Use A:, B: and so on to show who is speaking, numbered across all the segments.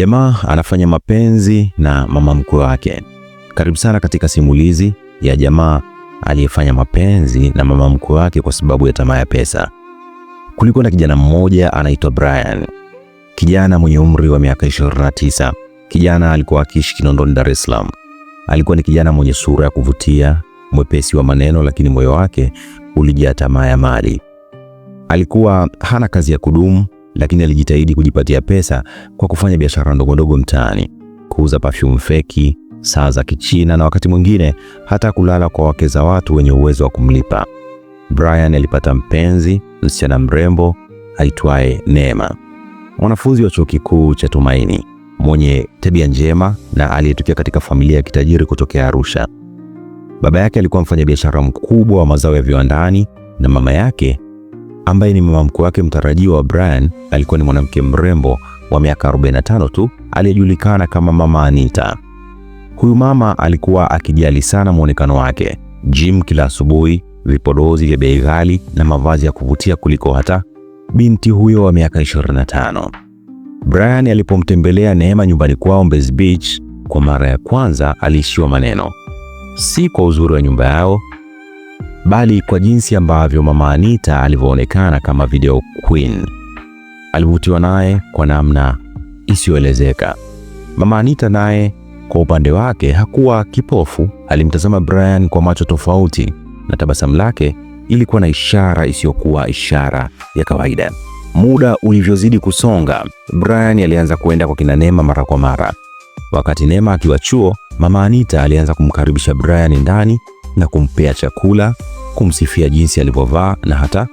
A: Jamaa anafanya mapenzi na mama mkwe wake. Karibu sana katika simulizi ya jamaa aliyefanya mapenzi na mama mkwe wake kwa sababu ya tamaa ya pesa. Kulikuwa na kijana mmoja anaitwa Brian, kijana mwenye umri wa miaka 29. Kijana alikuwa akiishi Kinondoni, Dar es Salaam. Alikuwa ni kijana mwenye sura ya kuvutia, mwepesi wa maneno, lakini moyo wake ulijaa tamaa ya mali. Alikuwa hana kazi ya kudumu lakini alijitahidi kujipatia pesa kwa kufanya biashara ndogondogo mtaani, kuuza perfume feki, saa za Kichina na wakati mwingine hata kulala kwa wake za watu wenye uwezo wa kumlipa. Brian alipata mpenzi, msichana mrembo aitwaye Neema, mwanafunzi wa chuo kikuu cha Tumaini, mwenye tabia njema na aliyetokea katika familia ya kitajiri kutokea Arusha. Baba yake alikuwa mfanyabiashara mkubwa wa mazao ya viwandani na mama yake ambaye ni mama mkwe wake mtarajiwa wa Brian alikuwa ni mwanamke mrembo wa miaka 45 tu aliyejulikana kama Mama Anita. Huyu mama alikuwa akijali sana mwonekano wake, gym kila asubuhi, vipodozi vya bei ghali na mavazi ya kuvutia kuliko hata binti huyo wa miaka 25. Brian alipomtembelea Neema nyumbani kwao Mbezi Beach kwa mara ya kwanza, aliishiwa maneno, si kwa uzuri wa nyumba yao bali kwa jinsi ambavyo mama Anita alivyoonekana kama video queen. Alivutiwa naye kwa namna isiyoelezeka. Mama Anita naye kwa upande wake hakuwa kipofu, alimtazama Brian kwa macho tofauti na tabasamu lake ilikuwa na ishara isiyokuwa ishara ya kawaida. Muda ulivyozidi kusonga, Brian alianza kuenda kwa kina Neema mara kwa mara. Wakati Neema akiwa chuo, mama Anita alianza kumkaribisha Brian ndani na kumpea chakula, kumsifia jinsi alivyovaa na hata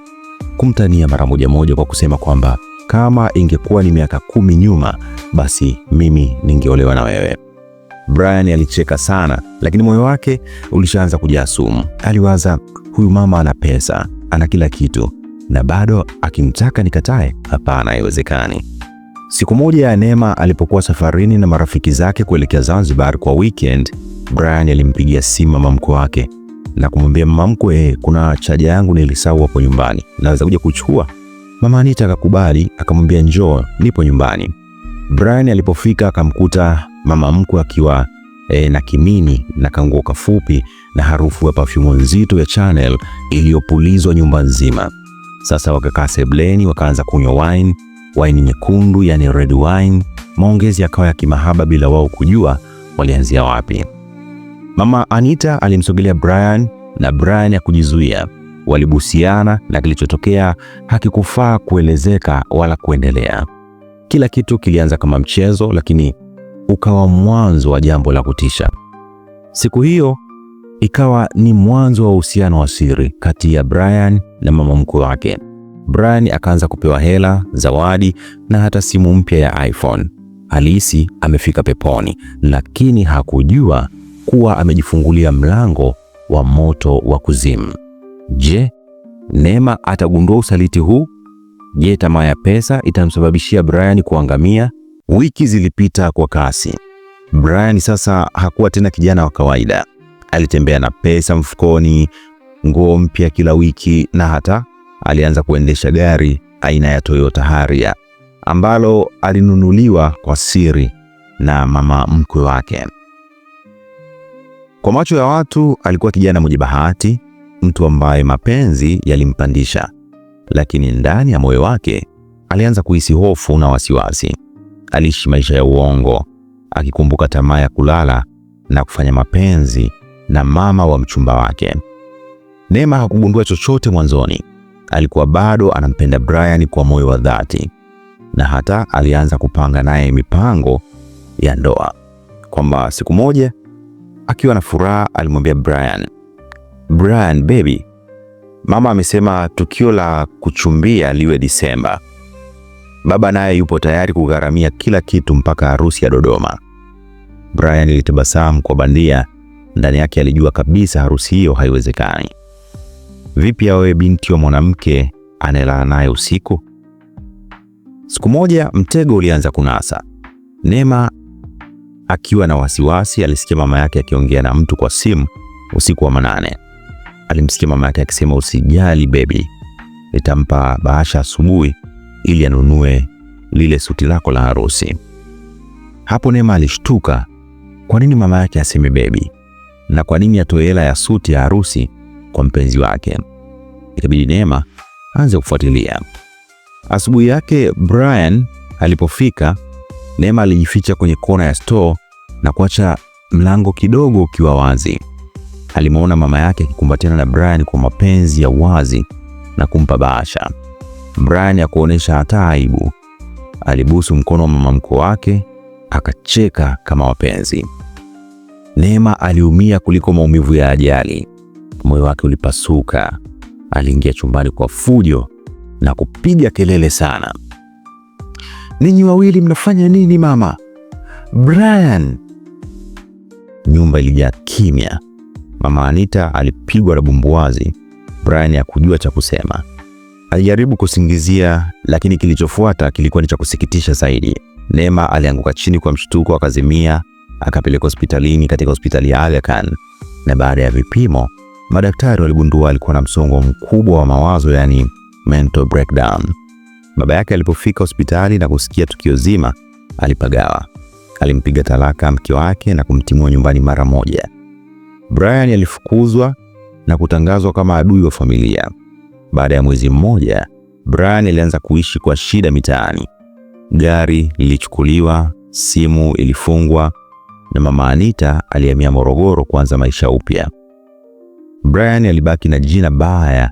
A: kumtania mara moja moja kwa kusema kwamba kama ingekuwa ni miaka kumi nyuma, basi mimi ningeolewa na wewe. Brian alicheka sana, lakini moyo wake ulishaanza kujaa sumu. Aliwaza, huyu mama ana pesa, ana kila kitu, na bado akimtaka nikatae? Hapana, haiwezekani. Siku moja ya Neema alipokuwa safarini na marafiki zake kuelekea Zanzibar kwa weekend, Brian alimpigia simu mama mkwe wake na kumwambia mama mkwe, kuna chaja yangu nilisahau hapo nyumbani, naweza kuja kuchukua? Mama Anita akakubali, akamwambia njoo, nipo nyumbani. Brian alipofika akamkuta mama mkwe akiwa e, na kimini na kanguo kafupi na harufu ya pafyumu nzito ya Chanel iliyopulizwa nyumba nzima. Sasa wakakaa sebleni, wakaanza kunywa wine, wine nyekundu, yani red wine. Maongezi yakawa ya kimahaba bila wao kujua walianzia wapi. Mama Anita alimsogelea Brian na Brian ya kujizuia walibusiana, na kilichotokea hakikufaa kuelezeka wala kuendelea. Kila kitu kilianza kama mchezo, lakini ukawa mwanzo wa jambo la kutisha. Siku hiyo ikawa ni mwanzo wa uhusiano wa siri kati ya Brian na mama mkwe wake. Brian akaanza kupewa hela, zawadi na hata simu mpya ya iPhone. Alihisi amefika peponi, lakini hakujua kuwa amejifungulia mlango wa moto wa kuzimu. Je, Neema atagundua usaliti huu? Je, tamaa ya pesa itamsababishia Brian kuangamia? Wiki zilipita kwa kasi. Brian sasa hakuwa tena kijana wa kawaida. Alitembea na pesa mfukoni, nguo mpya kila wiki, na hata alianza kuendesha gari aina ya Toyota Harrier ambalo alinunuliwa kwa siri na mama mkwe wake. Kwa macho ya watu alikuwa kijana mwenye bahati, mtu ambaye mapenzi yalimpandisha, lakini ndani ya moyo wake alianza kuhisi hofu na wasiwasi. Aliishi maisha ya uongo, akikumbuka tamaa ya kulala na kufanya mapenzi na mama wa mchumba wake. Neema hakugundua chochote mwanzoni. Alikuwa bado anampenda Brian kwa moyo wa dhati, na hata alianza kupanga naye mipango ya ndoa, kwamba siku moja akiwa na furaha alimwambia Brian, Brian baby, mama amesema tukio la kuchumbia liwe Disemba. Baba naye yupo tayari kugharamia kila kitu mpaka harusi ya Dodoma. Brian alitabasamu kwa bandia, ndani yake alijua kabisa harusi hiyo haiwezekani. Vipi awe binti wa mwanamke anayelala naye usiku? Siku moja mtego ulianza kunasa. Neema Akiwa na wasiwasi, alisikia mama yake akiongea na mtu kwa simu usiku wa manane. Alimsikia mama yake akisema, usijali bebi, nitampa bahasha asubuhi ili anunue lile suti lako la harusi. Hapo Neema alishtuka. Kwa nini mama yake aseme bebi, na kwa nini atoe hela ya suti ya harusi kwa mpenzi wake? Ikabidi Neema aanze kufuatilia. Asubuhi yake Brian alipofika Neema alijificha kwenye kona ya store na kuacha mlango kidogo ukiwa wazi. Alimwona mama yake akikumbatiana na Brian kwa mapenzi ya wazi na kumpa bahasha. Brian hakuonyesha hata aibu, alibusu mkono wa mama mkwe wake akacheka kama wapenzi. Neema aliumia kuliko maumivu ya ajali. Moyo wake ulipasuka. Aliingia chumbani kwa fujo na kupiga kelele sana ninyi wawili mnafanya nini mama? Brian! Nyumba ilijaa kimya. Mama Anita alipigwa na bumbuazi. Brian hakujua cha kusema, alijaribu kusingizia, lakini kilichofuata kilikuwa ni cha kusikitisha zaidi. Neema alianguka chini kwa mshtuko, akazimia, akapelekwa hospitalini katika hospitali ya Aga Khan, na baada ya vipimo madaktari waligundua alikuwa na msongo mkubwa wa mawazo, yani mental breakdown. Baba yake alipofika hospitali na kusikia tukio zima, alipagawa. Alimpiga talaka mke wake na kumtimua nyumbani mara moja. Brian alifukuzwa na kutangazwa kama adui wa familia. Baada ya mwezi mmoja, Brian alianza kuishi kwa shida mitaani. Gari lilichukuliwa, simu ilifungwa na mama Anita alihamia Morogoro kuanza maisha upya. Brian alibaki na jina baya,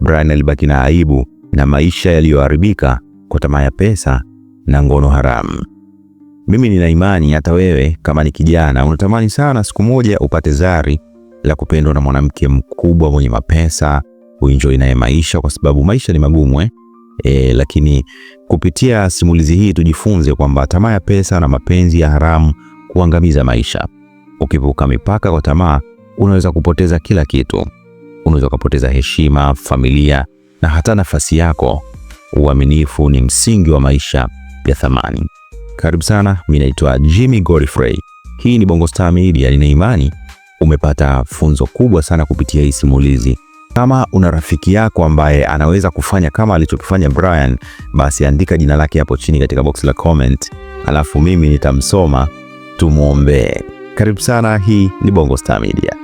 A: Brian alibaki na aibu, na maisha yaliyoharibika kwa tamaa ya pesa na ngono haramu. Mimi nina imani hata wewe kama ni kijana unatamani sana siku moja upate zari la kupendwa na mwanamke mkubwa mwenye mapesa, uenjoy naye maisha, kwa sababu maisha ni magumu eh? E, lakini kupitia simulizi hii tujifunze kwamba tamaa ya pesa na mapenzi ya haramu kuangamiza maisha. Ukivuka mipaka kwa tamaa, unaweza kupoteza kila kitu. Unaweza kupoteza heshima, familia na hata nafasi yako. Uaminifu ni msingi wa maisha ya thamani. Karibu sana, mimi naitwa Jimmy Godfrey. Hii ni Bongo Star Media. Nina imani umepata funzo kubwa sana kupitia hii simulizi. Kama una rafiki yako ambaye anaweza kufanya kama alichokifanya Brian, basi andika jina lake hapo chini katika box la comment, alafu mimi nitamsoma, tumwombee. Karibu sana, hii ni Bongo Star Media.